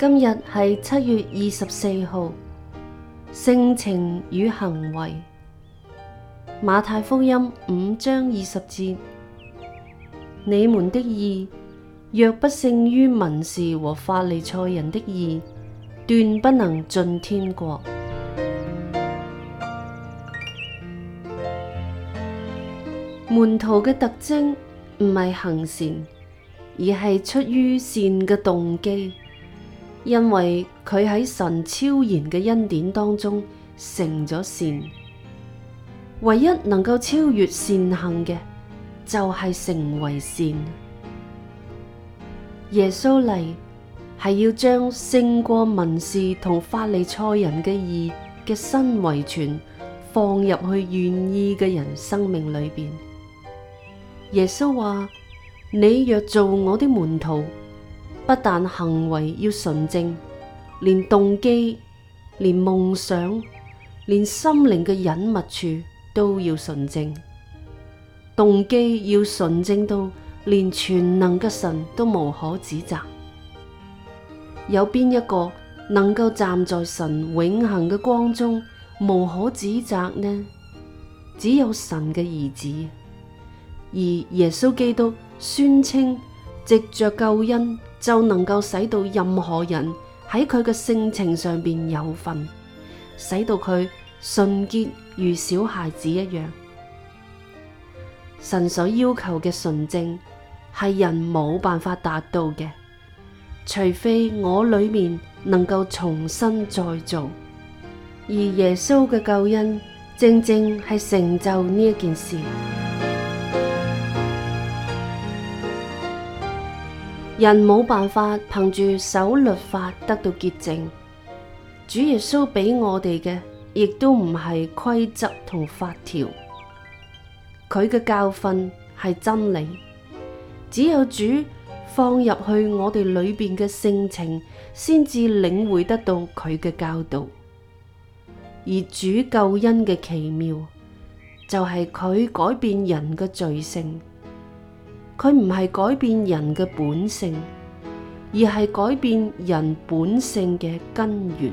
今日係七月二十四號，性情與行為，馬太福音五章二十節：你們的意若不勝於文士和法利賽人的意，斷不能進天國。門徒嘅特徵唔係行善，而係出於善嘅動機。因為佢喺神超然嘅恩典當中成咗善，唯一能夠超越善行嘅就係成為善。耶穌嚟係要將勝過民事同法利賽人嘅義嘅新遺傳放入去願意嘅人生命裏邊。耶穌話：你若做我的門徒。不但行為要純正，連動機、連夢想、連心靈嘅隱密處都要純正。動機要純正到連全能嘅神都無可指責。有邊一個能夠站在神永恆嘅光中無可指責呢？只有神嘅兒子，而耶穌基督宣稱：「藉着救恩。」就能夠使到任何人喺佢嘅性情上邊有份，使到佢純潔如小孩子一樣。神所要求嘅純正係人冇辦法達到嘅，除非我裏面能夠重新再造，而耶穌嘅救恩正正係成就呢一件事。人冇辦法憑住守律法得到潔淨，主耶穌俾我哋嘅亦都唔係規則同法條，佢嘅教訓係真理。只有主放入去我哋裏面嘅性情，先至領會得到佢嘅教導。而主救恩嘅奇妙，就係、是、佢改變人嘅罪性。佢唔係改變人嘅本性，而係改變人本性嘅根源。